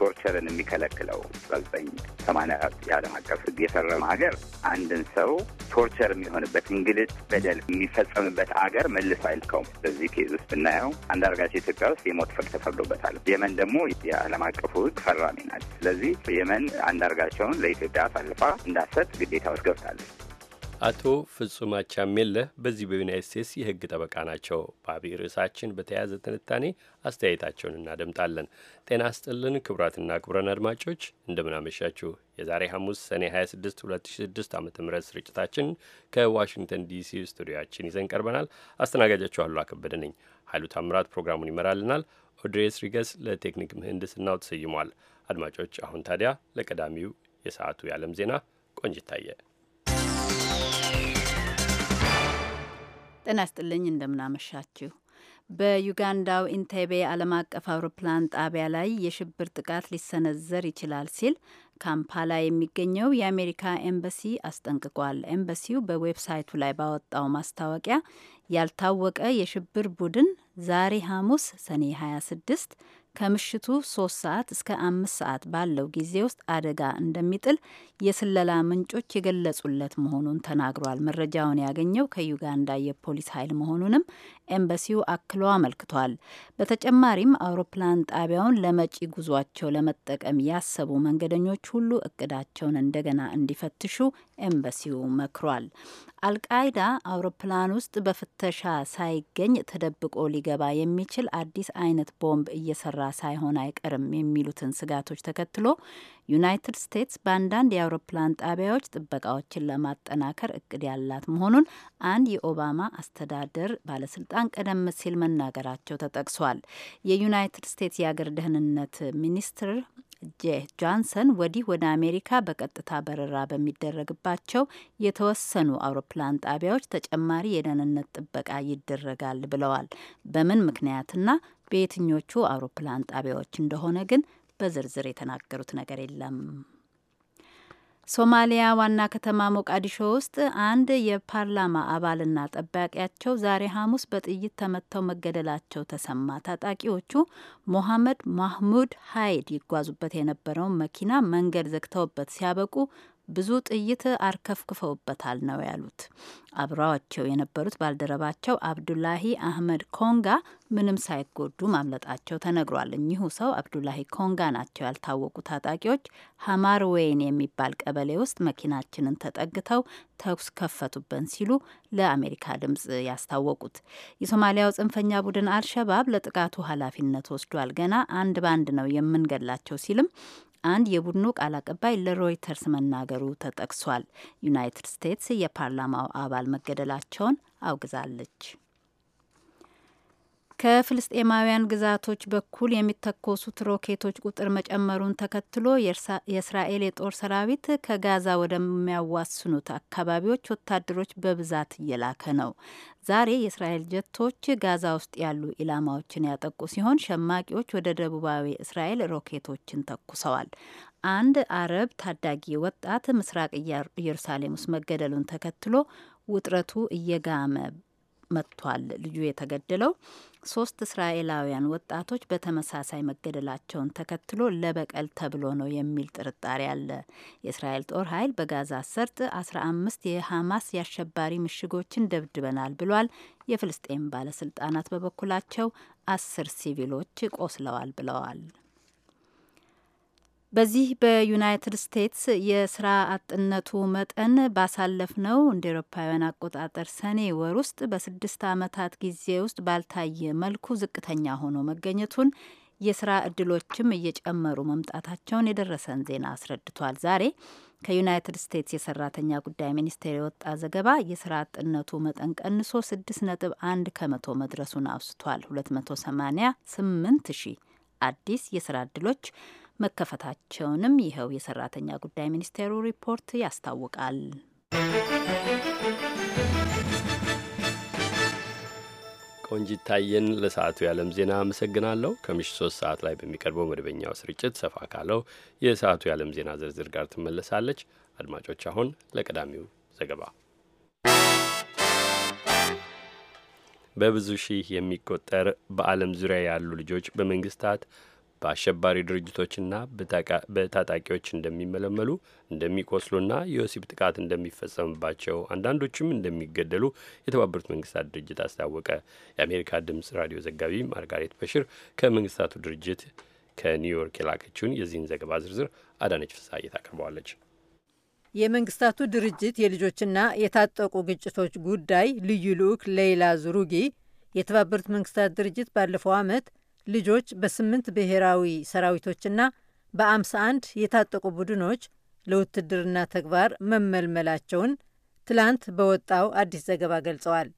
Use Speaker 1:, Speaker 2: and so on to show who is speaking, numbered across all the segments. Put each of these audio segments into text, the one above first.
Speaker 1: ቶርቸርን የሚከለክለው ዘጠኝ ሰማንያ የዓለም አቀፍ ሕግ የፈረመ ሀገር አንድን ሰው ቶርቸር የሚሆንበት እንግልት፣ በደል የሚፈጸምበት አገር መልሶ አይልከውም። በዚህ ኬዝ ውስጥ ብናየው አንዳርጋቸው ኢትዮጵያ ውስጥ የሞት ፍርድ ተፈርዶበታል። የመን ደግሞ የዓለም አቀፉ ሕግ ፈራሚ ናት። ስለዚህ የመን አንዳርጋቸውን ለኢትዮጵያ አሳልፋ እንዳሰጥ ግዴታ ውስጥ ገብታለች።
Speaker 2: አቶ ፍጹም አቻሜለህ በዚህ በዩናይት ስቴትስ የህግ ጠበቃ ናቸው። በአብይ ርዕሳችን በተያያዘ ትንታኔ አስተያየታቸውን እናደምጣለን። ጤና ስጥልን ክቡራትና ክቡራን አድማጮች እንደምናመሻችሁ። የዛሬ ሐሙስ ሰኔ 26 2006 ዓ ም ስርጭታችን ከዋሽንግተን ዲሲ ስቱዲዮችን ይዘን ቀርበናል። አስተናጋጃችሁ አሉ አከበደ ነኝ። ኃይሉ ታምራት ፕሮግራሙን ይመራልናል። ኦድሬስ ሪገስ ለቴክኒክ ምህንድስናው ተሰይሟል። አድማጮች አሁን ታዲያ ለቀዳሚው የሰዓቱ የዓለም ዜና ቆንጅታየ
Speaker 3: ጤና ይስጥልኝ እንደምናመሻችሁ። በዩጋንዳው ኢንቴቤ ዓለም አቀፍ አውሮፕላን ጣቢያ ላይ የሽብር ጥቃት ሊሰነዘር ይችላል ሲል ካምፓላ የሚገኘው የአሜሪካ ኤምባሲ አስጠንቅቋል። ኤምባሲው በዌብሳይቱ ላይ ባወጣው ማስታወቂያ ያልታወቀ የሽብር ቡድን ዛሬ ሐሙስ ሰኔ 26 ከምሽቱ ሶስት ሰዓት እስከ አምስት ሰዓት ባለው ጊዜ ውስጥ አደጋ እንደሚጥል የስለላ ምንጮች የገለጹለት መሆኑን ተናግሯል። መረጃውን ያገኘው ከዩጋንዳ የፖሊስ ኃይል መሆኑንም ኤምባሲው አክሎ አመልክቷል። በተጨማሪም አውሮፕላን ጣቢያውን ለመጪ ጉዟቸው ለመጠቀም ያሰቡ መንገደኞች ሁሉ እቅዳቸውን እንደገና እንዲፈትሹ ኤምባሲው መክሯል። አልቃይዳ አውሮፕላን ውስጥ በፍተሻ ሳይገኝ ተደብቆ ሊገባ የሚችል አዲስ አይነት ቦምብ እየሰራ ሳይሆን አይቀርም የሚሉትን ስጋቶች ተከትሎ ዩናይትድ ስቴትስ በአንዳንድ የአውሮፕላን ጣቢያዎች ጥበቃዎችን ለማጠናከር እቅድ ያላት መሆኑን አንድ የኦባማ አስተዳደር ባለስልጣን ቀደም ሲል መናገራቸው ተጠቅሷል። የዩናይትድ ስቴትስ የአገር ደህንነት ሚኒስትር ጄ ጆንሰን ወዲህ ወደ አሜሪካ በቀጥታ በረራ በሚደረግባቸው የተወሰኑ አውሮፕላን ጣቢያዎች ተጨማሪ የደህንነት ጥበቃ ይደረጋል ብለዋል። በምን ምክንያትና በየትኞቹ አውሮፕላን ጣቢያዎች እንደሆነ ግን በዝርዝር የተናገሩት ነገር የለም። ሶማሊያ ዋና ከተማ ሞቃዲሾ ውስጥ አንድ የፓርላማ አባልና ጠባቂያቸው ዛሬ ሐሙስ በጥይት ተመተው መገደላቸው ተሰማ። ታጣቂዎቹ ሞሐመድ ማህሙድ ሀይድ ይጓዙበት የነበረውን መኪና መንገድ ዘግተውበት ሲያበቁ ብዙ ጥይት አርከፍክፈውበታል ነው ያሉት። አብረዋቸው የነበሩት ባልደረባቸው አብዱላሂ አህመድ ኮንጋ ምንም ሳይጎዱ ማምለጣቸው ተነግሯል። እኚሁ ሰው አብዱላሂ ኮንጋ ናቸው። ያልታወቁ ታጣቂዎች ሀማር ወይን የሚባል ቀበሌ ውስጥ መኪናችንን ተጠግተው ተኩስ ከፈቱብን ሲሉ ለአሜሪካ ድምጽ ያስታወቁት የሶማሊያው ጽንፈኛ ቡድን አልሸባብ ለጥቃቱ ኃላፊነት ወስዷል። ገና አንድ በአንድ ነው የምንገላቸው ሲልም አንድ የቡድኑ ቃል አቀባይ ለሮይተርስ መናገሩ ተጠቅሷል። ዩናይትድ ስቴትስ የፓርላማው አባል መገደላቸውን አውግዛለች። ከፍልስጤማውያን ግዛቶች በኩል የሚተኮሱት ሮኬቶች ቁጥር መጨመሩን ተከትሎ የእስራኤል የጦር ሰራዊት ከጋዛ ወደሚያዋስኑት አካባቢዎች ወታደሮች በብዛት እየላከ ነው። ዛሬ የእስራኤል ጀቶች ጋዛ ውስጥ ያሉ ኢላማዎችን ያጠቁ ሲሆን ሸማቂዎች ወደ ደቡባዊ እስራኤል ሮኬቶችን ተኩሰዋል። አንድ አረብ ታዳጊ ወጣት ምስራቅ ኢየሩሳሌም ውስጥ መገደሉን ተከትሎ ውጥረቱ እየጋመ መጥቷል። ልጁ የተገደለው ሶስት እስራኤላውያን ወጣቶች በተመሳሳይ መገደላቸውን ተከትሎ ለበቀል ተብሎ ነው የሚል ጥርጣሬ አለ። የእስራኤል ጦር ኃይል በጋዛ ሰርጥ 15 የሐማስ የአሸባሪ ምሽጎችን ደብድበናል ብሏል። የፍልስጤም ባለስልጣናት በበኩላቸው አስር ሲቪሎች ቆስለዋል ብለዋል። በዚህ በዩናይትድ ስቴትስ የስራ አጥነቱ መጠን ባሳለፍነው እንደ ኤሮፓውያን አቆጣጠር ሰኔ ወር ውስጥ በስድስት ዓመታት ጊዜ ውስጥ ባልታየ መልኩ ዝቅተኛ ሆኖ መገኘቱን የስራ እድሎችም እየጨመሩ መምጣታቸውን የደረሰን ዜና አስረድቷል። ዛሬ ከዩናይትድ ስቴትስ የሰራተኛ ጉዳይ ሚኒስቴር የወጣ ዘገባ የስራ አጥነቱ መጠን ቀንሶ ስድስት ነጥብ አንድ ከመቶ መድረሱን አውስቷል። ሁለት መቶ ሰማኒያ ስምንት ሺህ አዲስ የስራ እድሎች መከፈታቸውንም ይኸው የሰራተኛ ጉዳይ ሚኒስቴሩ ሪፖርት ያስታውቃል።
Speaker 2: ቆንጂት ታየን ለሰዓቱ የዓለም ዜና አመሰግናለሁ። ከምሽት ሶስት ሰዓት ላይ በሚቀርበው መደበኛው ስርጭት ሰፋ ካለው የሰዓቱ የዓለም ዜና ዝርዝር ጋር ትመለሳለች። አድማጮች፣ አሁን ለቀዳሚው ዘገባ በብዙ ሺህ የሚቆጠር በዓለም ዙሪያ ያሉ ልጆች በመንግስታት በአሸባሪ ድርጅቶችና በታጣቂዎች እንደሚመለመሉ እንደሚቆስሉና የወሲብ ጥቃት እንደሚፈጸምባቸው አንዳንዶችም እንደሚገደሉ የተባበሩት መንግስታት ድርጅት አስታወቀ። የአሜሪካ ድምፅ ራዲዮ ዘጋቢ ማርጋሬት በሽር ከመንግስታቱ ድርጅት ከኒውዮርክ የላከችውን የዚህን ዘገባ ዝርዝር አዳነች ፍስሐዬ ታቀርበዋለች።
Speaker 4: የመንግስታቱ ድርጅት የልጆችና የታጠቁ ግጭቶች ጉዳይ ልዩ ልዑክ ሌይላ ዙሩጊ የተባበሩት መንግስታት ድርጅት ባለፈው ዓመት ልጆች በስምንት ብሔራዊ ሰራዊቶችና በአምሳ አንድ የታጠቁ ቡድኖች ለውትድርና ተግባር መመልመላቸውን ትላንት በወጣው አዲስ ዘገባ ገልጸዋል።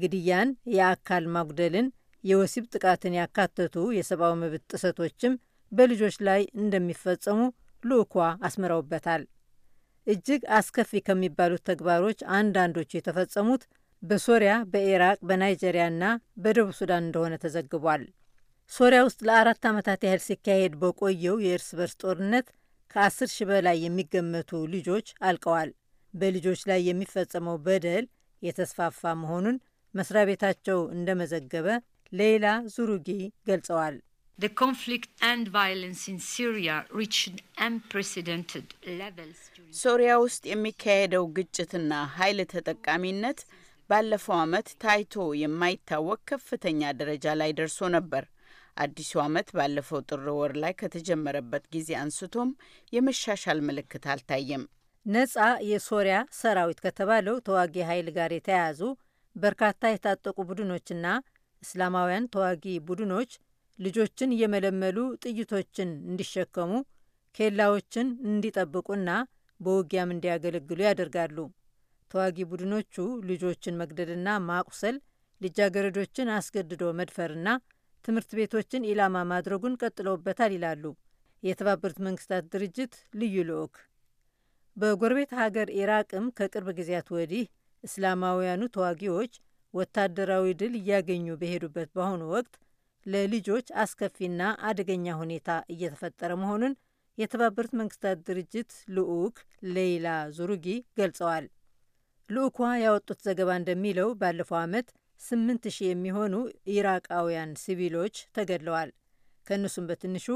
Speaker 4: ግድያን፣ የአካል ማጉደልን፣ የወሲብ ጥቃትን ያካተቱ የሰብአዊ መብት ጥሰቶችም በልጆች ላይ እንደሚፈጸሙ ልዑኳ አስምረውበታል። እጅግ አስከፊ ከሚባሉት ተግባሮች አንዳንዶቹ የተፈጸሙት በሶሪያ፣ በኢራቅ፣ በናይጄሪያና በደቡብ ሱዳን እንደሆነ ተዘግቧል። ሶሪያ ውስጥ ለአራት ዓመታት ያህል ሲካሄድ በቆየው የእርስ በርስ ጦርነት ከአስር ሺህ በላይ የሚገመቱ ልጆች አልቀዋል። በልጆች ላይ የሚፈጸመው በደል የተስፋፋ መሆኑን መስሪያ ቤታቸው እንደመዘገበ ሌይላ ዙሩጊ ገልጸዋል።
Speaker 3: ሶሪያ ውስጥ የሚካሄደው ግጭትና ኃይል ተጠቃሚነት ባለፈው ዓመት ታይቶ የማይታወቅ ከፍተኛ ደረጃ ላይ ደርሶ ነበር። አዲሱ ዓመት ባለፈው ጥር ወር ላይ ከተጀመረበት ጊዜ አንስቶም የመሻሻል ምልክት አልታየም። ነጻ
Speaker 4: የሶሪያ ሰራዊት ከተባለው ተዋጊ ኃይል ጋር የተያያዙ በርካታ የታጠቁ ቡድኖችና እስላማውያን ተዋጊ ቡድኖች ልጆችን እየመለመሉ ጥይቶችን እንዲሸከሙ፣ ኬላዎችን እንዲጠብቁና በውጊያም እንዲያገለግሉ ያደርጋሉ። ተዋጊ ቡድኖቹ ልጆችን መግደልና ማቁሰል፣ ልጃገረዶችን አስገድዶ መድፈርና ትምህርት ቤቶችን ኢላማ ማድረጉን ቀጥለውበታል ይላሉ የተባበሩት መንግስታት ድርጅት ልዩ ልዑክ። በጎረቤት ሀገር ኢራቅም ከቅርብ ጊዜያት ወዲህ እስላማውያኑ ተዋጊዎች ወታደራዊ ድል እያገኙ በሄዱበት በአሁኑ ወቅት ለልጆች አስከፊና አደገኛ ሁኔታ እየተፈጠረ መሆኑን የተባበሩት መንግስታት ድርጅት ልዑክ ሌይላ ዙሩጊ ገልጸዋል። ልዑኳ ያወጡት ዘገባ እንደሚለው ባለፈው ዓመት ስምንት ሺህ የሚሆኑ ኢራቃውያን ሲቪሎች ተገድለዋል። ከእነሱም በትንሹ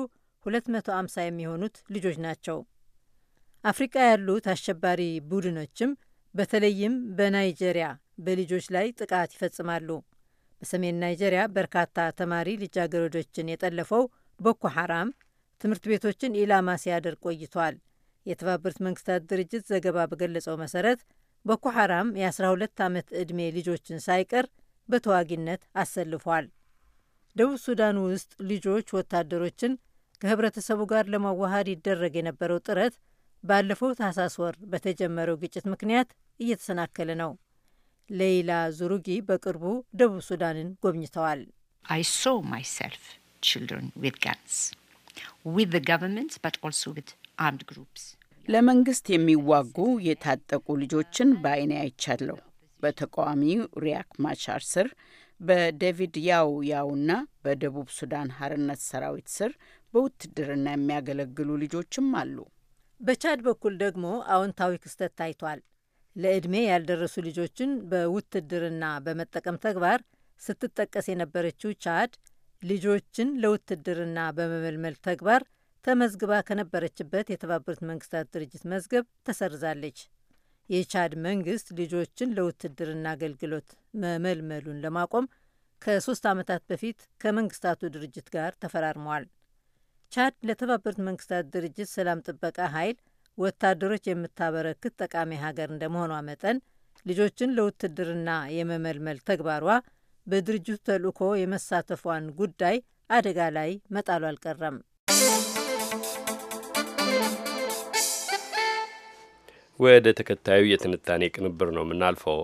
Speaker 4: 250 የሚሆኑት ልጆች ናቸው። አፍሪቃ ያሉት አሸባሪ ቡድኖችም በተለይም በናይጄሪያ በልጆች ላይ ጥቃት ይፈጽማሉ። በሰሜን ናይጄሪያ በርካታ ተማሪ ልጃገረዶችን የጠለፈው ቦኮ ሐራም ትምህርት ቤቶችን ኢላማ ሲያደርግ ቆይቷል። የተባበሩት መንግስታት ድርጅት ዘገባ በገለጸው መሰረት ቦኮ ሐራም የ12 ዓመት ዕድሜ ልጆችን ሳይቀር በተዋጊነት አሰልፏል። ደቡብ ሱዳን ውስጥ ልጆች ወታደሮችን ከህብረተሰቡ ጋር ለማዋሃድ ይደረግ የነበረው ጥረት ባለፈው ታህሳስ ወር በተጀመረው ግጭት ምክንያት እየተሰናከለ ነው። ሌይላ ዙሩጊ በቅርቡ ደቡብ ሱዳንን ጎብኝተዋል። አይ ሶ ማይሰልፍ ችልድረን ዊዝ ጋንስ
Speaker 3: ዊዝ ገቨርንመንት በት ኦልሶ ዊዝ አርምድ ግሩፕስ ለመንግስት የሚዋጉ የታጠቁ ልጆችን በአይኔ አይቻለሁ። በተቃዋሚው ሪያክ ማቻር ስር በዴቪድ ያው ያውና በደቡብ ሱዳን ሀርነት ሰራዊት ስር በውትድርና የሚያገለግሉ ልጆችም አሉ። በቻድ በኩል ደግሞ አዎንታዊ
Speaker 4: ክስተት ታይቷል። ለዕድሜ ያልደረሱ ልጆችን በውትድርና በመጠቀም ተግባር ስትጠቀስ የነበረችው ቻድ ልጆችን ለውትድርና በመመልመል ተግባር ተመዝግባ ከነበረችበት የተባበሩት መንግስታት ድርጅት መዝገብ ተሰርዛለች። የቻድ መንግስት ልጆችን ለውትድርና አገልግሎት መመልመሉን ለማቆም ከሶስት ዓመታት በፊት ከመንግስታቱ ድርጅት ጋር ተፈራርመዋል። ቻድ ለተባበሩት መንግስታት ድርጅት ሰላም ጥበቃ ኃይል ወታደሮች የምታበረክት ጠቃሚ ሀገር እንደመሆኗ መጠን ልጆችን ለውትድርና የመመልመል ተግባሯ በድርጅቱ ተልእኮ የመሳተፏን ጉዳይ አደጋ ላይ መጣሉ አልቀረም።
Speaker 2: ወደ ተከታዩ የትንታኔ ቅንብር ነው የምናልፈው።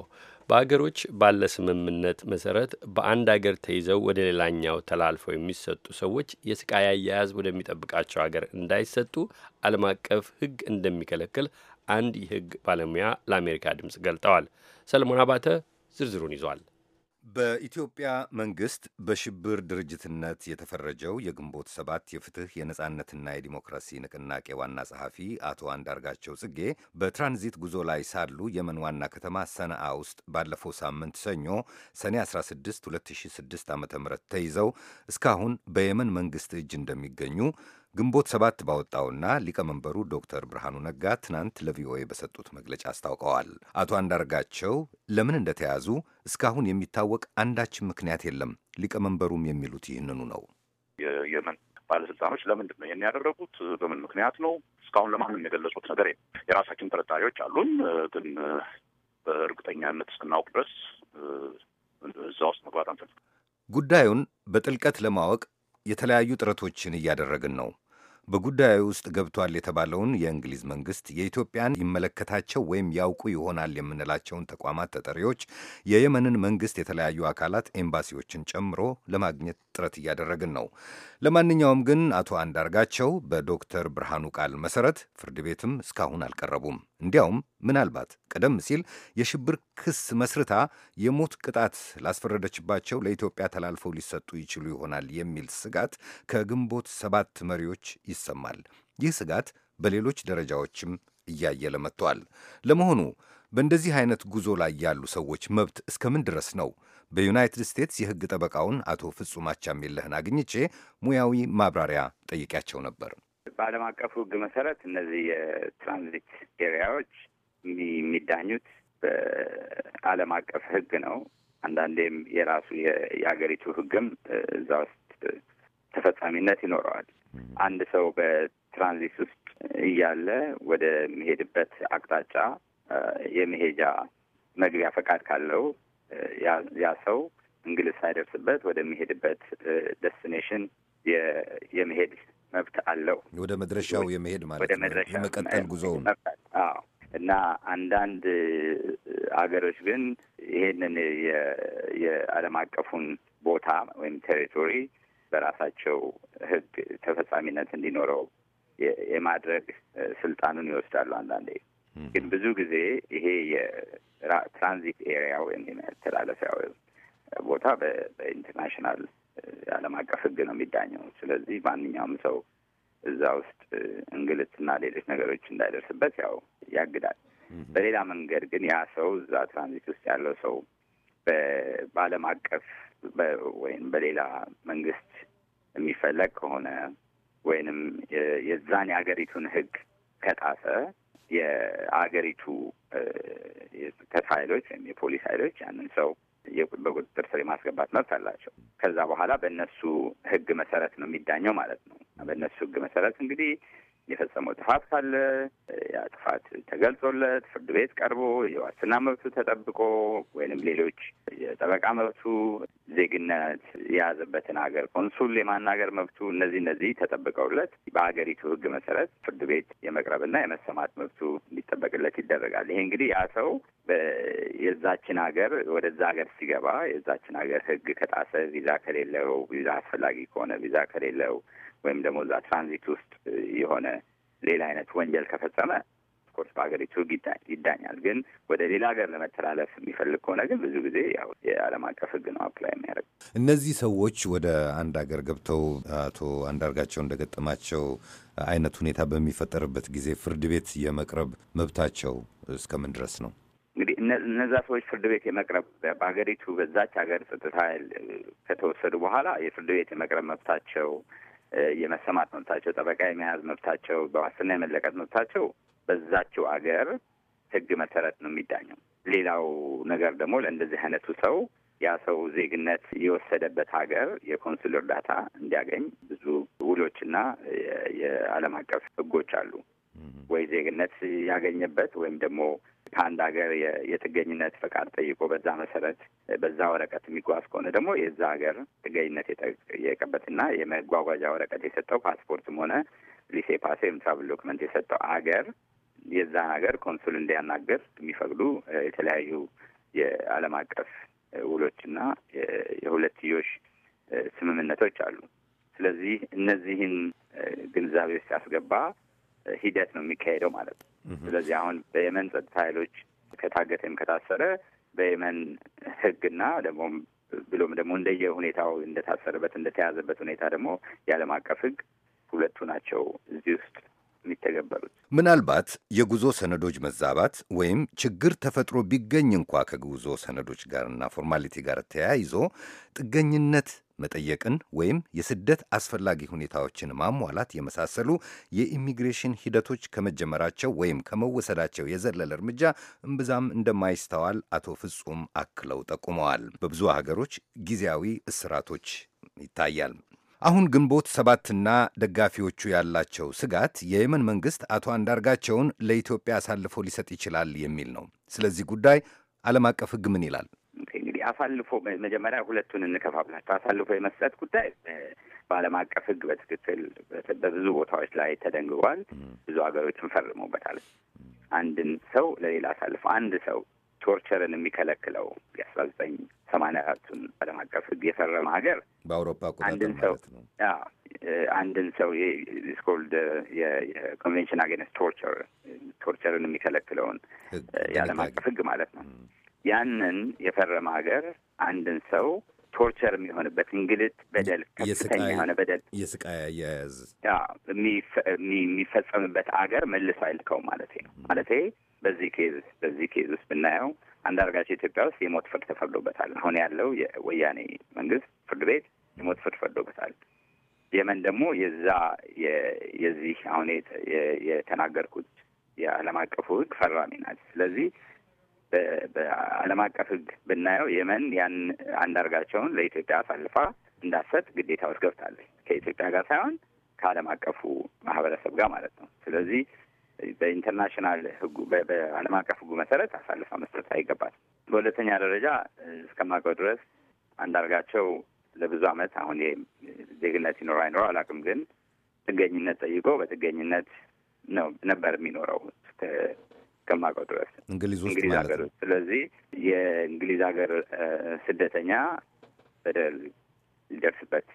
Speaker 2: በአገሮች ባለ ስምምነት መሰረት በአንድ አገር ተይዘው ወደ ሌላኛው ተላልፈው የሚሰጡ ሰዎች የስቃይ አያያዝ ወደሚጠብቃቸው አገር እንዳይሰጡ ዓለም አቀፍ ሕግ እንደሚከለክል አንድ የሕግ ባለሙያ ለአሜሪካ ድምፅ ገልጠዋል። ሰለሞን አባተ ዝርዝሩን ይዟል።
Speaker 5: በኢትዮጵያ መንግስት በሽብር ድርጅትነት የተፈረጀው የግንቦት ሰባት የፍትህ የነጻነትና የዲሞክራሲ ንቅናቄ ዋና ጸሐፊ አቶ አንዳርጋቸው ጽጌ በትራንዚት ጉዞ ላይ ሳሉ የመን ዋና ከተማ ሰነአ ውስጥ ባለፈው ሳምንት ሰኞ ሰኔ 16 2006 ዓ ም ተይዘው እስካሁን በየመን መንግስት እጅ እንደሚገኙ ግንቦት ሰባት ባወጣውና ሊቀመንበሩ ዶክተር ብርሃኑ ነጋ ትናንት ለቪኦኤ በሰጡት መግለጫ አስታውቀዋል። አቶ አንዳርጋቸው ለምን እንደተያዙ እስካሁን የሚታወቅ አንዳችም ምክንያት የለም። ሊቀመንበሩም የሚሉት ይህንኑ ነው።
Speaker 1: የመን ባለስልጣኖች ለምንድን ነው ይህን ያደረጉት? በምን ምክንያት ነው? እስካሁን ለማንም የገለጹት ነገር የለም። የራሳችን ጥርጣሬዎች አሉን፣ ግን በእርግጠኛነት እስክናውቅ ድረስ እዛ ውስጥ
Speaker 5: መግባት አንፈልግም። ጉዳዩን በጥልቀት ለማወቅ የተለያዩ ጥረቶችን እያደረግን ነው። በጉዳዩ ውስጥ ገብቷል የተባለውን የእንግሊዝ መንግስት የኢትዮጵያን ይመለከታቸው ወይም ያውቁ ይሆናል የምንላቸውን ተቋማት ተጠሪዎች፣ የየመንን መንግስት የተለያዩ አካላት ኤምባሲዎችን ጨምሮ ለማግኘት ጥረት እያደረግን ነው። ለማንኛውም ግን አቶ አንዳርጋቸው በዶክተር ብርሃኑ ቃል መሰረት ፍርድ ቤትም እስካሁን አልቀረቡም። እንዲያውም ምናልባት ቀደም ሲል የሽብር ክስ መስርታ የሞት ቅጣት ላስፈረደችባቸው ለኢትዮጵያ ተላልፈው ሊሰጡ ይችሉ ይሆናል የሚል ስጋት ከግንቦት ሰባት መሪዎች ይሰማል። ይህ ስጋት በሌሎች ደረጃዎችም እያየለ መጥቷል። ለመሆኑ በእንደዚህ አይነት ጉዞ ላይ ያሉ ሰዎች መብት እስከምን ድረስ ነው? በዩናይትድ ስቴትስ የህግ ጠበቃውን አቶ ፍጹም አቻሜለህን አግኝቼ ሙያዊ ማብራሪያ ጠይቄያቸው ነበር።
Speaker 1: በዓለም አቀፉ ህግ መሰረት እነዚህ የትራንዚት ኤሪያዎች የሚዳኙት በዓለም አቀፍ ህግ ነው። አንዳንዴም የራሱ የአገሪቱ ህግም እዛ ውስጥ ተፈጻሚነት ይኖረዋል። አንድ ሰው በትራንዚት ውስጥ እያለ ወደ ሚሄድበት አቅጣጫ የመሄጃ መግቢያ ፈቃድ ካለው ያ ሰው እንግልት ሳይደርስበት ወደሚሄድበት ዴስቲኔሽን የመሄድ መብት አለው።
Speaker 5: ወደ መድረሻው የመሄድ ማለት
Speaker 1: ነው፣ የመቀጠል ጉዞውን እና አንዳንድ አገሮች ግን ይሄንን የዓለም አቀፉን ቦታ ወይም ቴሪቶሪ በራሳቸው ሕግ ተፈጻሚነት እንዲኖረው የማድረግ ስልጣኑን ይወስዳሉ። አንዳንዴ ግን ብዙ ጊዜ ይሄ የትራንዚት ኤሪያ ወይም የመተላለፊያ ቦታ በኢንተርናሽናል የዓለም አቀፍ ሕግ ነው የሚዳኘው። ስለዚህ ማንኛውም ሰው እዛ ውስጥ እንግልትና ሌሎች ነገሮች እንዳይደርስበት ያው ያግዳል። በሌላ መንገድ ግን ያ ሰው እዛ ትራንዚት ውስጥ ያለው ሰው በዓለም አቀፍ ወይም በሌላ መንግስት የሚፈለግ ከሆነ ወይንም የዛን የሀገሪቱን ሕግ ከጣሰ የአገሪቱ የጸጥታ ኃይሎች ወይም የፖሊስ ኃይሎች ያንን ሰው በቁጥጥር ስር የማስገባት መብት አላቸው። ከዛ በኋላ በእነሱ ህግ መሰረት ነው የሚዳኘው ማለት ነው። በእነሱ ህግ መሰረት እንግዲህ የፈጸመው ጥፋት ካለ ያ ጥፋት ተገልጾለት ፍርድ ቤት ቀርቦ የዋስትና መብቱ ተጠብቆ ወይንም ሌሎች የጠበቃ መብቱ ዜግነት የያዘበትን ሀገር ኮንሱል የማናገር መብቱ እነዚህ እነዚህ ተጠብቀውለት በሀገሪቱ ሕግ መሰረት ፍርድ ቤት የመቅረብና የመሰማት መብቱ እንዲጠበቅለት ይደረጋል። ይሄ እንግዲህ ያ ሰው የዛችን ሀገር ወደዛ ሀገር ሲገባ የዛችን ሀገር ሕግ ከጣሰ ቪዛ ከሌለው ቪዛ አስፈላጊ ከሆነ ቪዛ ከሌለው ወይም ደግሞ እዛ ትራንዚት ውስጥ የሆነ ሌላ አይነት ወንጀል ከፈጸመ ኦፍኮርስ በሀገሪቱ ይዳኛል። ግን ወደ ሌላ ሀገር ለመተላለፍ የሚፈልግ ከሆነ ግን ብዙ ጊዜ ያው የዓለም አቀፍ ሕግ ነው አፕላይ የሚያደርግ።
Speaker 5: እነዚህ ሰዎች ወደ አንድ ሀገር ገብተው አቶ አንዳርጋቸው እንደገጠማቸው አይነት ሁኔታ በሚፈጠርበት ጊዜ ፍርድ ቤት የመቅረብ መብታቸው እስከምን ድረስ ነው?
Speaker 1: እንግዲህ እነዛ ሰዎች ፍርድ ቤት የመቅረብ በሀገሪቱ በዛች ሀገር ጸጥታ ኃይል ከተወሰዱ በኋላ የፍርድ ቤት የመቅረብ መብታቸው የመሰማት መብታቸው፣ ጠበቃ የመያዝ መብታቸው፣ በዋስና የመለቀት መብታቸው በዛችው አገር ህግ መሰረት ነው የሚዳኘው። ሌላው ነገር ደግሞ ለእንደዚህ አይነቱ ሰው ያ ሰው ዜግነት የወሰደበት ሀገር የኮንሱል እርዳታ እንዲያገኝ ብዙ ውሎችና የዓለም አቀፍ ህጎች አሉ። ወይ ዜግነት ያገኘበት ወይም ደግሞ ከአንድ ሀገር የጥገኝነት ፈቃድ ጠይቆ በዛ መሰረት በዛ ወረቀት የሚጓዝ ከሆነ ደግሞ የዛ ሀገር ጥገኝነት የጠየቀበትና የመጓጓዣ ወረቀት የሰጠው ፓስፖርትም ሆነ ሊሴ ፓሴ ወይም ትራቭል ዶክመንት የሰጠው ሀገር የዛን ሀገር ኮንሱል እንዲያናገር የሚፈቅዱ የተለያዩ የዓለም አቀፍ ውሎችና የሁለትዮሽ ስምምነቶች አሉ። ስለዚህ እነዚህን ግንዛቤ ውስጥ ያስገባ ሂደት ነው የሚካሄደው ማለት ነው። ስለዚህ አሁን በየመን ጸጥታ ኃይሎች ወይም ከታሰረ በየመን ሕግና ደግሞ ብሎም ደግሞ እንደየ ሁኔታው እንደታሰረበት እንደተያዘበት ሁኔታ ደግሞ የዓለም አቀፍ ሕግ ሁለቱ ናቸው እዚህ ውስጥ የሚተገበሩት።
Speaker 5: ምናልባት የጉዞ ሰነዶች መዛባት ወይም ችግር ተፈጥሮ ቢገኝ እንኳ ከጉዞ ሰነዶች ጋርና ፎርማሊቲ ጋር ተያይዞ ጥገኝነት መጠየቅን ወይም የስደት አስፈላጊ ሁኔታዎችን ማሟላት የመሳሰሉ የኢሚግሬሽን ሂደቶች ከመጀመራቸው ወይም ከመወሰዳቸው የዘለለ እርምጃ እምብዛም እንደማይስተዋል አቶ ፍጹም አክለው ጠቁመዋል። በብዙ ሀገሮች ጊዜያዊ እስራቶች ይታያል። አሁን ግንቦት ሰባትና ደጋፊዎቹ ያላቸው ስጋት የየመን መንግሥት አቶ አንዳርጋቸውን ለኢትዮጵያ አሳልፎ ሊሰጥ ይችላል የሚል ነው። ስለዚህ ጉዳይ ዓለም አቀፍ ሕግ ምን ይላል?
Speaker 1: አሳልፎ መጀመሪያ ሁለቱን እንከፋብላቸው። አሳልፎ የመስጠት ጉዳይ በዓለም አቀፍ ሕግ በትክክል በብዙ ቦታዎች ላይ ተደንግጓል። ብዙ ሀገሮችን ፈርመውበታል። አንድን ሰው ለሌላ አሳልፎ አንድ ሰው ቶርቸርን የሚከለክለው የአስራ ዘጠኝ ሰማንያ አራቱን ዓለም አቀፍ ሕግ የፈረመ ሀገር በአውሮፓ አንድን ሰው አንድን ሰው ስኮልድ የኮንቬንሽን አገነስ ቶርቸር ቶርቸርን የሚከለክለውን የዓለም አቀፍ ሕግ ማለት ነው ያንን የፈረመ ሀገር አንድን ሰው ቶርቸር የሚሆንበት እንግልት፣ በደል፣ ከፍተኛ የሆነ በደል፣ የስቃይ አያያዝ የሚፈጸምበት አገር መልሶ አይልከው ማለት ነው። ማለት በዚህ ኬዝ በዚህ ኬዝ ውስጥ ብናየው አንዳርጋቸው ኢትዮጵያ ውስጥ የሞት ፍርድ ተፈርዶበታል። አሁን ያለው የወያኔ መንግስት ፍርድ ቤት የሞት ፍርድ ፈርዶበታል። የመን ደግሞ የዛ የዚህ አሁን የተናገርኩት የዓለም አቀፉ ህግ ፈራሚ ናት። ስለዚህ በዓለም አቀፍ ሕግ ብናየው የመን ያን አንዳርጋቸውን ለኢትዮጵያ አሳልፋ እንዳትሰጥ ግዴታ ውስጥ ገብታለች። ከኢትዮጵያ ጋር ሳይሆን ከዓለም አቀፉ ማህበረሰብ ጋር ማለት ነው። ስለዚህ በኢንተርናሽናል ሕጉ በዓለም አቀፍ ሕጉ መሰረት አሳልፋ መስጠት አይገባትም። በሁለተኛ ደረጃ እስከማውቀው ድረስ አንዳርጋቸው ለብዙ ዓመት አሁን ዜግነት ይኖረው አይኖረው አላውቅም፣ ግን ጥገኝነት ጠይቆ በጥገኝነት ነው ነበር የሚኖረው እስከማውቀው ድረስ
Speaker 5: እንግሊዝ ውስጥ እንግሊዝ ሀገር ውስጥ።
Speaker 1: ስለዚህ የእንግሊዝ ሀገር ስደተኛ በደል ሊደርስበት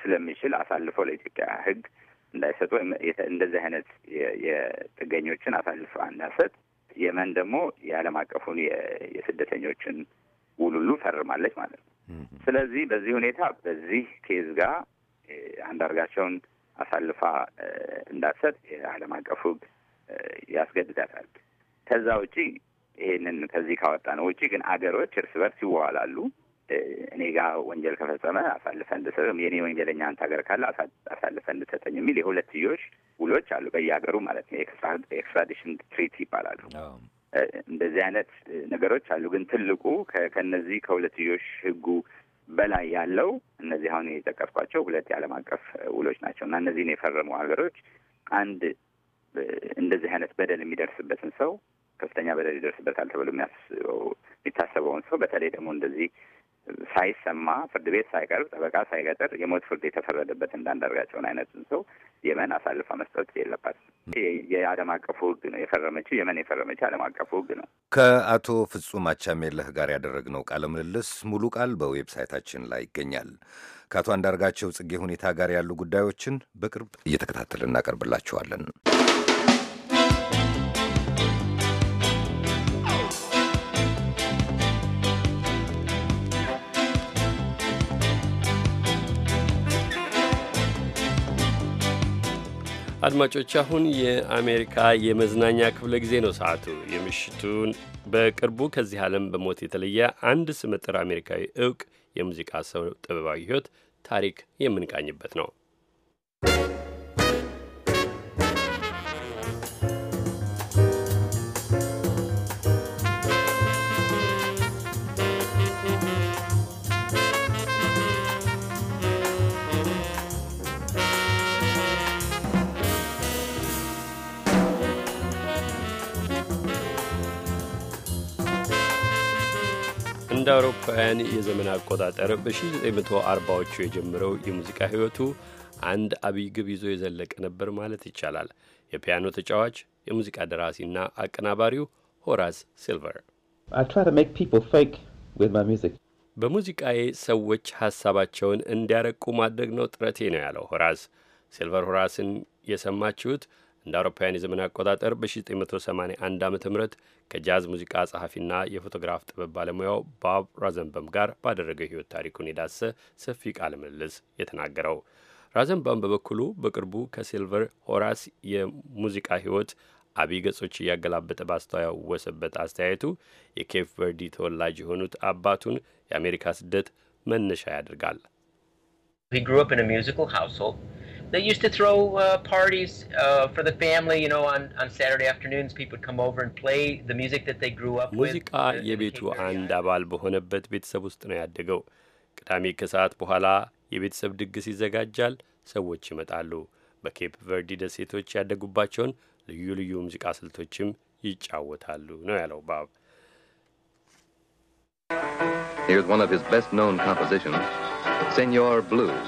Speaker 1: ስለሚችል አሳልፎ ለኢትዮጵያ ህግ እንዳይሰጥ ወይም እንደዚህ አይነት የጥገኞችን አሳልፎ እንዳሰጥ የመን ደግሞ የዓለም አቀፉን የስደተኞችን ውሉሉ ፈርማለች ማለት ነው። ስለዚህ በዚህ ሁኔታ በዚህ ኬዝ ጋር አንዳርጋቸውን አሳልፋ እንዳትሰጥ የዓለም አቀፉ ህግ ያስገድዳታል። ከዛ ውጪ ይህንን ከዚህ ካወጣ ነው ውጪ ግን አገሮች እርስ በርስ ይዋዋላሉ። እኔ ጋር ወንጀል ከፈጸመ አሳልፈ እንድሰጥ የኔ ወንጀለኛ አንተ ሀገር ካለ አሳልፈ እንድሰጠኝ የሚል የሁለትዮሽ ውሎች አሉ በየሀገሩ ማለት ነው። ኤክስትራዲሽን ትሪቲ ይባላሉ። እንደዚህ አይነት ነገሮች አሉ። ግን ትልቁ ከነዚህ ከሁለትዮሽ ህጉ በላይ ያለው እነዚህ አሁን የጠቀስኳቸው ሁለት የዓለም አቀፍ ውሎች ናቸው እና እነዚህን የፈረሙ ሀገሮች አንድ እንደዚህ አይነት በደል የሚደርስበትን ሰው ከፍተኛ በደል ይደርስበታል ተብሎ የሚያስበው የሚታሰበውን ሰው በተለይ ደግሞ እንደዚህ ሳይሰማ ፍርድ ቤት ሳይቀርብ ጠበቃ ሳይቀጥር የሞት ፍርድ የተፈረደበት እንዳንዳርጋቸውን አይነቱን ሰው የመን አሳልፋ መስጠት የለባት። የዓለም አቀፉ ሕግ ነው የፈረመችው የመን የፈረመችው ዓለም አቀፉ ሕግ
Speaker 5: ነው። ከአቶ ፍጹም አቻሜለህ ጋር ያደረግነው ቃለ ምልልስ ሙሉ ቃል በዌብሳይታችን ላይ ይገኛል። ከአቶ አንዳርጋቸው ጽጌ ሁኔታ ጋር ያሉ ጉዳዮችን በቅርብ እየተከታተልን እናቀርብላችኋለን።
Speaker 2: አድማጮች አሁን የአሜሪካ የመዝናኛ ክፍለ ጊዜ ነው ሰዓቱ። የምሽቱን በቅርቡ ከዚህ ዓለም በሞት የተለየ አንድ ስመጥር አሜሪካዊ እውቅ የሙዚቃ ሰው ጥበባዊ ሕይወት ታሪክ የምንቃኝበት ነው። እንደ አውሮፓውያን የዘመን አቆጣጠር በ1940ዎቹ የጀመረው የሙዚቃ ህይወቱ አንድ አብይ ግብ ይዞ የዘለቀ ነበር ማለት ይቻላል። የፒያኖ ተጫዋች የሙዚቃ ደራሲና አቀናባሪው ሆራስ ሲልቨር በሙዚቃዬ ሰዎች ሀሳባቸውን እንዲያረቁ ማድረግ ነው ጥረቴ ነው ያለው ሆራስ ሲልቨር። ሆራስን የሰማችሁት እንደ አውሮፓውያን የዘመን አቆጣጠር በ1981 ዓ ም ከጃዝ ሙዚቃ ጸሐፊና የፎቶግራፍ ጥበብ ባለሙያው ባብ ራዘንበም ጋር ባደረገው ህይወት ታሪኩን የዳሰ ሰፊ ቃለ ምልልስ የተናገረው ራዘንባም በበኩሉ በቅርቡ ከሲልቨር ሆራስ የሙዚቃ ህይወት አብይ ገጾች እያገላበጠ ባስተዋወሰበት አስተያየቱ የኬፕ ቨርዲ ተወላጅ የሆኑት አባቱን የአሜሪካ ስደት መነሻ ያደርጋል። they used to throw uh, parties uh, for the family, you know, on, on Saturday afternoons. People would come over and play the music that they grew up with. የቤቱ አንድ አባል በሆነበት ቤተሰብ ውስጥ ነው ያደገው። ቅዳሜ ከሰዓት በኋላ የቤተሰብ ድግስ ይዘጋጃል፣ ሰዎች ይመጣሉ። በኬፕ ቨርዲ ደሴቶች ያደጉባቸውን ልዩ ልዩ ሙዚቃ ስልቶችም ይጫወታሉ ነው ያለው ባብ።
Speaker 5: Here's one of his best known compositions, Senor Blues.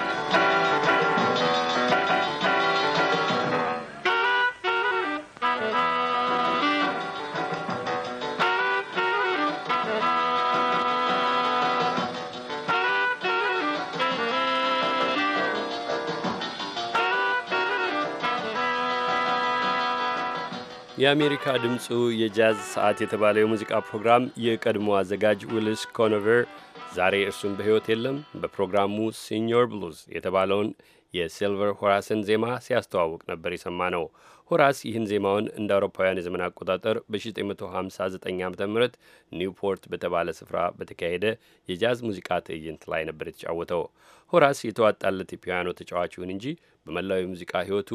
Speaker 2: የአሜሪካ ድምፁ የጃዝ ሰዓት የተባለው የሙዚቃ ፕሮግራም የቀድሞ አዘጋጅ ዊልስ ኮኖቨር ዛሬ እርሱን በሕይወት የለም፣ በፕሮግራሙ ሲኒዮር ብሉዝ የተባለውን የሲልቨር ሆራስን ዜማ ሲያስተዋውቅ ነበር የሰማ ነው። ሆራስ ይህን ዜማውን እንደ አውሮፓውያን የዘመን አቆጣጠር በ1959 ዓ ም ኒውፖርት በተባለ ስፍራ በተካሄደ የጃዝ ሙዚቃ ትዕይንት ላይ ነበር የተጫወተው። ሆራስ የተዋጣለት የፒያኖ ተጫዋች ይሁን እንጂ በመላው የሙዚቃ ሕይወቱ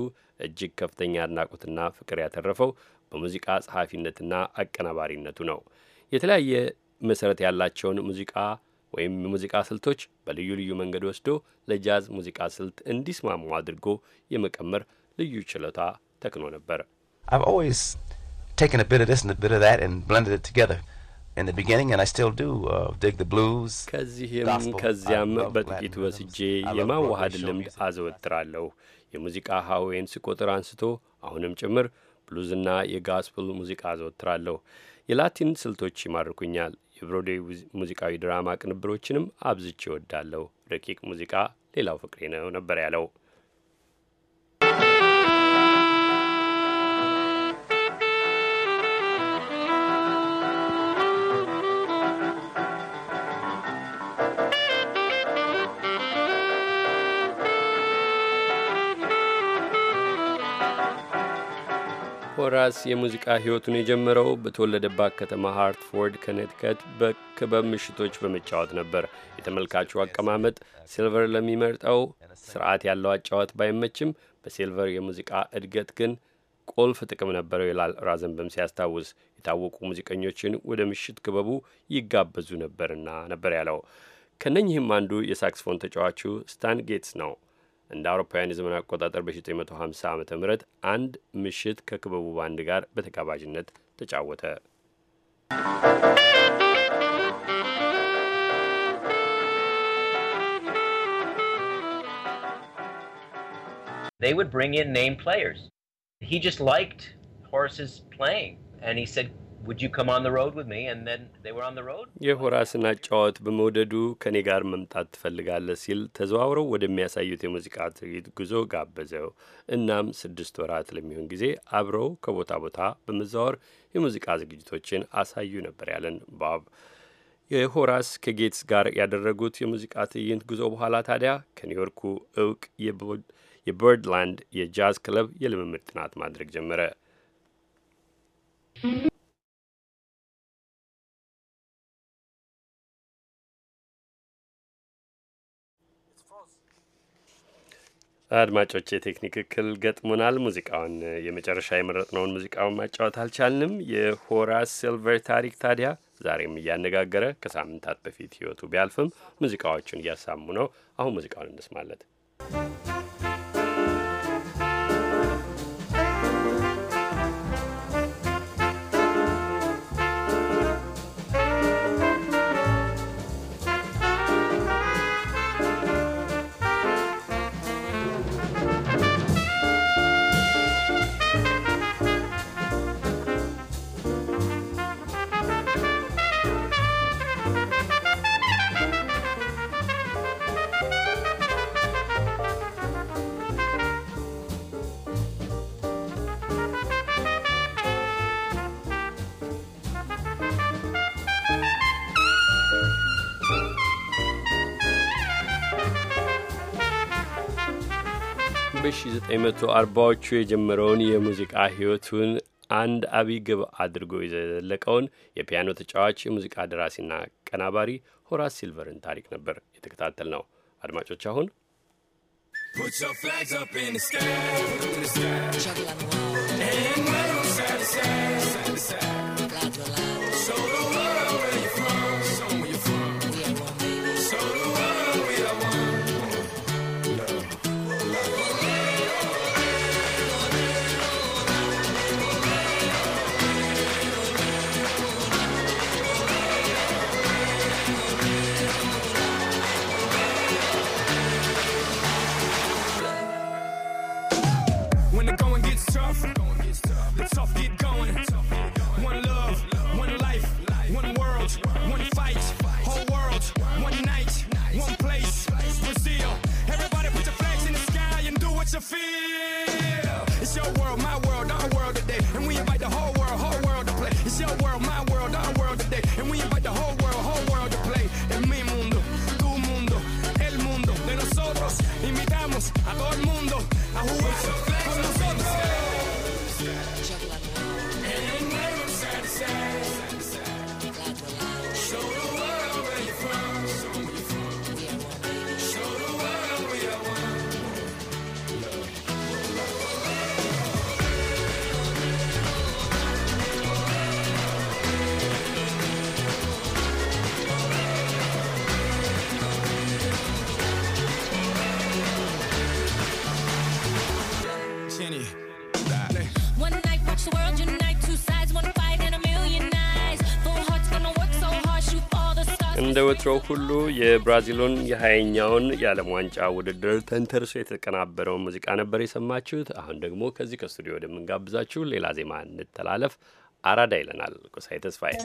Speaker 2: እጅግ ከፍተኛ አድናቆትና ፍቅር ያተረፈው በሙዚቃ ጸሐፊነትና አቀናባሪነቱ ነው። የተለያየ መሰረት ያላቸውን ሙዚቃ ወይም የሙዚቃ ስልቶች በልዩ ልዩ መንገድ ወስዶ ለጃዝ ሙዚቃ ስልት እንዲስማሙ አድርጎ የመቀመር ልዩ ችሎታ ተክኖ ነበር። uh, ከዚህም ከዚያም በጥቂት ወስጄ የማዋሃድ ልምድ አዘወትራለሁ። የሙዚቃ ሀዌን ስቆጥር አንስቶ አሁንም ጭምር ብሉዝና የጋስፕል ሙዚቃ አዘወትራለሁ። የላቲን ስልቶች ይማርኩኛል። የብሮድዌይ ሙዚቃዊ ድራማ ቅንብሮችንም አብዝቼ እወዳለሁ። ረቂቅ ሙዚቃ ሌላው ፍቅሬ ነው ነበር ያለው። ራስ የሙዚቃ ሕይወቱን የጀመረው በተወለደባት ከተማ ሃርትፎርድ ከኔትከት በክበብ ምሽቶች በመጫወት ነበር። የተመልካቹ አቀማመጥ ሲልቨር ለሚመርጠው ስርዓት ያለው አጫወት ባይመችም በሲልቨር የሙዚቃ እድገት ግን ቁልፍ ጥቅም ነበረው ይላል ራዘንበም ሲያስታውስ። የታወቁ ሙዚቀኞችን ወደ ምሽት ክበቡ ይጋበዙ ነበርና ነበር ያለው። ከነኚህም አንዱ የሳክስፎን ተጫዋቹ ስታን ጌትስ ነው። እንደ አውሮፓውያን የዘመን አቆጣጠር በ1950 ዓ ም አንድ ምሽት ከክበቡ ባንድ ጋር በተጋባዥነት ተጫወተ። They would bring in name players. He just liked Horace's playing, and he said, የሆራስን አጫዋወት በመውደዱ ከኔ ጋር መምጣት ትፈልጋለህ ሲል ተዘዋውረው ወደሚያሳዩት የሙዚቃ ትርኢት ጉዞ ጋበዘው። እናም ስድስት ወራት ለሚሆን ጊዜ አብረው ከቦታ ቦታ በመዘዋወር የሙዚቃ ዝግጅቶችን አሳዩ ነበር ያለን ባብ። የሆራስ ከጌትስ ጋር ያደረጉት የሙዚቃ ትዕይንት ጉዞ በኋላ ታዲያ ከኒውዮርኩ እውቅ የበርድላንድ የጃዝ ክለብ የልምምድ ጥናት ማድረግ ጀመረ። አድማጮች የቴክኒክ እክል ገጥሞናል። ሙዚቃውን የመጨረሻ የመረጥነውን ሙዚቃውን ማጫወት አልቻልንም። የሆራስ ሲልቨር ታሪክ ታዲያ ዛሬም እያነጋገረ ከሳምንታት በፊት ሕይወቱ ቢያልፍም ሙዚቃዎቹን እያሳሙ ነው። አሁን ሙዚቃውን እንስማለን። በመቶ አርባዎቹ የጀመረውን የሙዚቃ ህይወቱን አንድ አብይ ግብ አድርጎ የዘለቀውን የፒያኖ ተጫዋች የሙዚቃ ደራሲና ቀናባሪ ሆራስ ሲልቨርን ታሪክ ነበር የተከታተል ነው። አድማጮች አሁን Put your world. My እንደ ወትሮው ሁሉ የብራዚሉን የሀያኛውን የዓለም ዋንጫ ውድድር ተንተርሶ የተቀናበረውን ሙዚቃ ነበር የሰማችሁት። አሁን ደግሞ ከዚህ ከስቱዲዮ ወደምንጋብዛችሁ ሌላ ዜማ እንተላለፍ። አራዳ ይለናል ጎሳዬ ተስፋዬ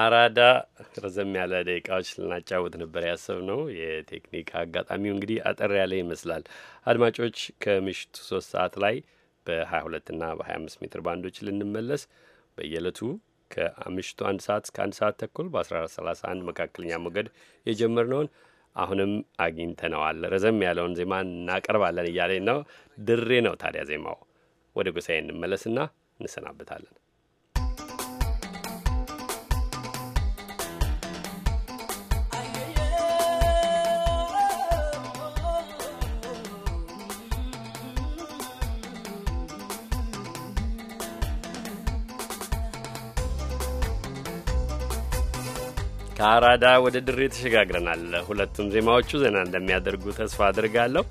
Speaker 2: አራዳ ረዘም ያለ ደቂቃዎች ልናጫወት ነበር ያሰብ ነው። የቴክኒክ አጋጣሚው እንግዲህ አጠር ያለ ይመስላል። አድማጮች ከምሽቱ ሶስት ሰዓት ላይ በ22 እና በ25 ሜትር ባንዶች ልንመለስ በየዕለቱ ከምሽቱ አንድ ሰዓት እስከ አንድ ሰዓት ተኩል በ1431 መካከለኛ ሞገድ የጀመርነውን አሁንም አግኝተነዋል። ረዘም ያለውን ዜማ እናቀርባለን እያለኝ ነው። ድሬ ነው ታዲያ ዜማው። ወደ ጎሳዬ እንመለስና እንሰናበታለን። ከአራዳ ወደ ድሬ ተሸጋግረናል። ሁለቱም ዜማዎቹ ዜና እንደሚያደርጉ ተስፋ አድርጋለሁ።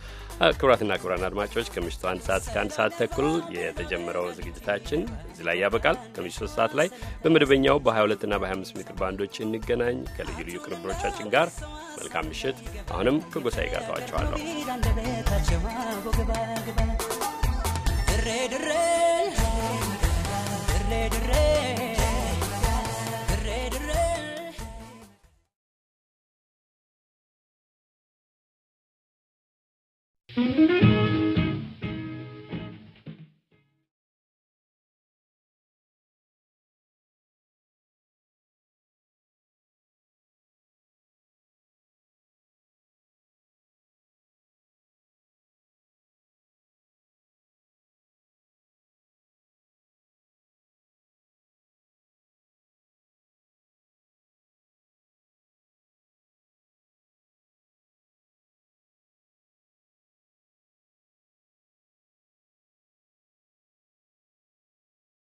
Speaker 2: ክቡራትና ክቡራን አድማጮች ከምሽቱ አንድ ሰዓት እስከ አንድ ሰዓት ተኩል የተጀመረው ዝግጅታችን እዚህ ላይ ያበቃል። ከምሽቱ ሶስት ሰዓት ላይ በመደበኛው በ22ና በ25 ሜትር ባንዶች እንገናኝ ከልዩ ልዩ ቅንብሮቻችን ጋር። መልካም ምሽት። አሁንም ከጎሳይ ጋር ተዋቸዋለሁ።
Speaker 3: ድሬ ድሬ
Speaker 1: Mm-hmm.